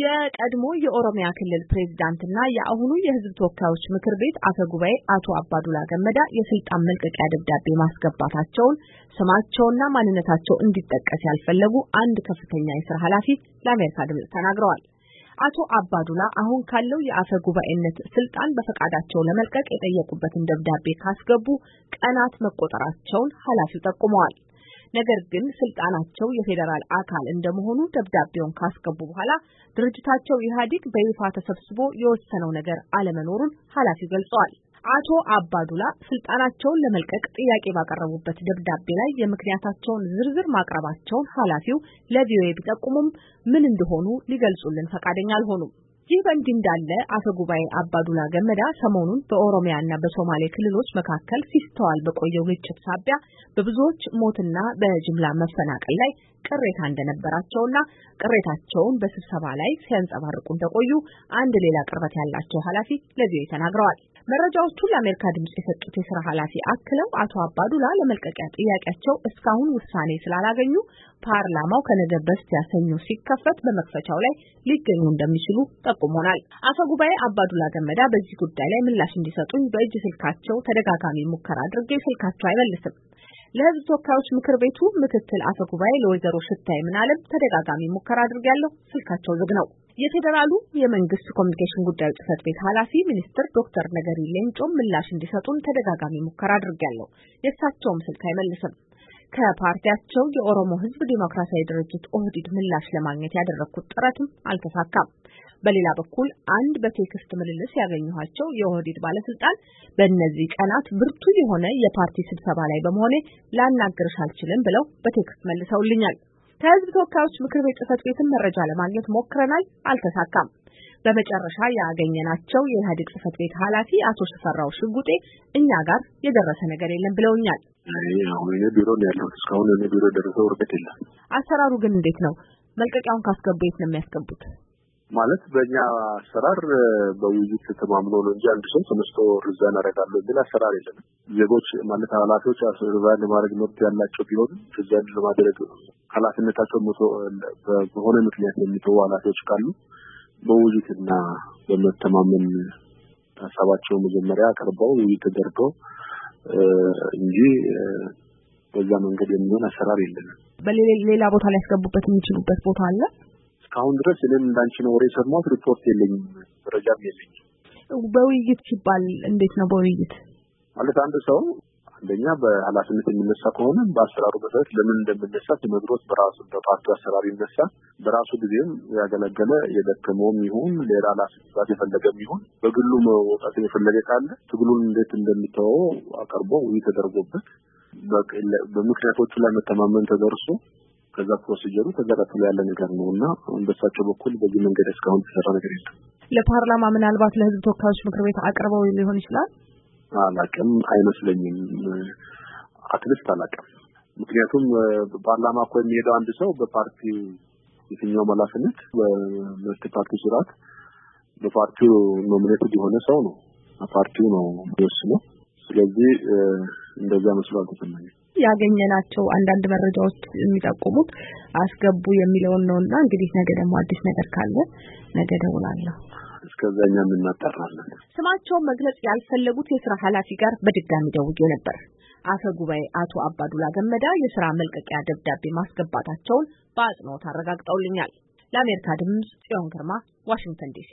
የቀድሞ የኦሮሚያ ክልል ፕሬዝዳንትና የአሁኑ የህዝብ ተወካዮች ምክር ቤት አፈ ጉባኤ አቶ አባዱላ ገመዳ የስልጣን መልቀቂያ ደብዳቤ ማስገባታቸውን ስማቸውና ማንነታቸው እንዲጠቀስ ያልፈለጉ አንድ ከፍተኛ የስራ ኃላፊ ለአሜሪካ ድምፅ ተናግረዋል። አቶ አባዱላ አሁን ካለው የአፈ ጉባኤነት ስልጣን በፈቃዳቸው ለመልቀቅ የጠየቁበትን ደብዳቤ ካስገቡ ቀናት መቆጠራቸውን ኃላፊው ጠቁመዋል። ነገር ግን ስልጣናቸው የፌዴራል አካል እንደመሆኑ ደብዳቤውን ካስገቡ በኋላ ድርጅታቸው ኢህአዴግ በይፋ ተሰብስቦ የወሰነው ነገር አለመኖሩን ኃላፊው ገልጸዋል። አቶ አባዱላ ስልጣናቸውን ለመልቀቅ ጥያቄ ባቀረቡበት ደብዳቤ ላይ የምክንያታቸውን ዝርዝር ማቅረባቸውን ኃላፊው ለቪኦኤ ቢጠቁሙም ምን እንደሆኑ ሊገልጹልን ፈቃደኛ አልሆኑም። ይህ በእንዲህ እንዳለ አፈ ጉባኤ አባዱላ ገመዳ ሰሞኑን በኦሮሚያ እና በሶማሌ ክልሎች መካከል ሲስተዋል በቆየው ግጭት ሳቢያ በብዙዎች ሞትና በጅምላ መፈናቀል ላይ ቅሬታ እንደነበራቸውና ቅሬታቸውን በስብሰባ ላይ ሲያንጸባርቁ እንደቆዩ አንድ ሌላ ቅርበት ያላቸው ኃላፊ ለቪኦኤ ተናግረዋል። መረጃዎቹን ለአሜሪካ ድምጽ የሰጡት የስራ ኃላፊ አክለው አቶ አባዱላ ለመልቀቂያ ጥያቄያቸው እስካሁን ውሳኔ ስላላገኙ ፓርላማው ከነገ በስቲያ ሰኞ ሲከፈት በመክፈቻው ላይ ሊገኙ እንደሚችሉ ጠቁሞናል። አፈ ጉባኤ አባዱላ ገመዳ በዚህ ጉዳይ ላይ ምላሽ እንዲሰጡኝ በእጅ ስልካቸው ተደጋጋሚ ሙከራ አድርጌ ስልካቸው አይመልስም። ለህዝብ ተወካዮች ምክር ቤቱ ምክትል አፈ ጉባኤ ለወይዘሮ ሽታይ ምናለም ተደጋጋሚ ሙከራ አድርጌያለሁ፣ ስልካቸው ዝግ ነው። የፌዴራሉ የመንግስት ኮሚኒኬሽን ጉዳዮች ጽህፈት ቤት ኃላፊ ሚኒስትር ዶክተር ነገሪ ሌንጮም ምላሽ እንዲሰጡን ተደጋጋሚ ሙከራ አድርጌያለሁ፣ የእሳቸውም ስልክ አይመልስም። ከፓርቲያቸው የኦሮሞ ህዝብ ዴሞክራሲያዊ ድርጅት ኦህዲድ ምላሽ ለማግኘት ያደረግኩት ጥረትም አልተሳካም። በሌላ በኩል አንድ በቴክስት ምልልስ ያገኘኋቸው የኦህዲድ ባለስልጣን በእነዚህ ቀናት ብርቱ የሆነ የፓርቲ ስብሰባ ላይ በመሆኔ ላናገርሽ አልችልም ብለው በቴክስት መልሰውልኛል። ከህዝብ ተወካዮች ምክር ቤት ጽህፈት ቤትም መረጃ ለማግኘት ሞክረናል፣ አልተሳካም። በመጨረሻ ያገኘናቸው የኢህአዴግ ጽህፈት ቤት ኃላፊ አቶ ሽፈራው ሽጉጤ እኛ ጋር የደረሰ ነገር የለም ብለውኛል። አሁን እኔ ቢሮ ነው ያለው። እስካሁን እኔ ቢሮ ደረሰው እርቀት የለም። አሰራሩ ግን እንዴት ነው? መልቀቂያውን ካስገቡ የት ነው የሚያስገቡት? ማለት በእኛ አሰራር በውይይት ተማምኖ ነው እንጂ አንድ ሰው ተነስቶ ርዛን አደርጋለሁ የሚል አሰራር የለንም። ዜጎች ማለት ኃላፊዎች ርዛን ለማድረግ መብት ያላቸው ቢሆን ርዛን ለማድረግ ኃላፊነታቸው በሆነ ምክንያት የሚተዉ ኃላፊዎች ካሉ በውይይትና በመተማመን ሀሳባቸው መጀመሪያ አቅርበው ውይይት ተደርገው እንጂ በዛ መንገድ የሚሆን አሰራር የለንም። በሌላ ቦታ ላይ ያስገቡበት የሚችሉበት ቦታ አለ። እስካሁን ድረስ እኔም እንዳንቺ ነው ወሬ ሰማሁት። ሪፖርት የለኝም፣ መረጃም የለኝም። በውይይት ሲባል እንዴት ነው? በውይይት ማለት አንድ ሰው አንደኛ በኃላፊነት የሚነሳ ከሆነ በአሰራሩ መሰረት ለምን እንደምነሳ ሲመድሮት በራሱ በፓርቲ አሰራር ይነሳ በራሱ ጊዜም ያገለገለ የደከመውም ይሁን ሌላ ኃላፊነት የፈለገም ይሁን በግሉ መውጣት የፈለገ ካለ ትግሉን እንዴት እንደሚተወው አቀርቦ ውይ ተደርጎበት በምክንያቶቹ ላይ መተማመን ተደርሶ ከዛ ፕሮሲጀሩ ተዘረፍሎ ያለ ነገር ነው እና በሳቸው በኩል በዚህ መንገድ እስካሁን የተሰራ ነገር የለም። ለፓርላማ ምናልባት ለህዝብ ተወካዮች ምክር ቤት አቅርበው ሊሆን ይችላል። አላቅም፣ አይመስለኝም። አትሊስት አላቅም። ምክንያቱም በፓርላማ እኮ የሚሄደው አንድ ሰው በፓርቲው የትኛውም ኃላፊነት በመፍት ፓርቲ ስርዓት በፓርቲው ኖሚኔትድ የሆነ ሰው ነው። በፓርቲው ነው የሚወስነው። ስለዚህ እንደዛ መስሎ አልተሰማኝም። ያገኘናቸው አንዳንድ መረጃዎች የሚጠቁሙት አስገቡ የሚለውን ነው እና እንግዲህ ነገ ደግሞ አዲስ ነገር ካለ ነገ ደውላለሁ። እስከዛኛ የምናጠራለን። ስማቸውን መግለጽ ያልፈለጉት የስራ ኃላፊ ጋር በድጋሚ ደውዬ ነበር። አፈ ጉባኤ አቶ አባዱላ ገመዳ የስራ መልቀቂያ ደብዳቤ ማስገባታቸውን በአጽንኦት አረጋግጠውልኛል። ለአሜሪካ ድምጽ ጽዮን ግርማ ዋሽንግተን ዲሲ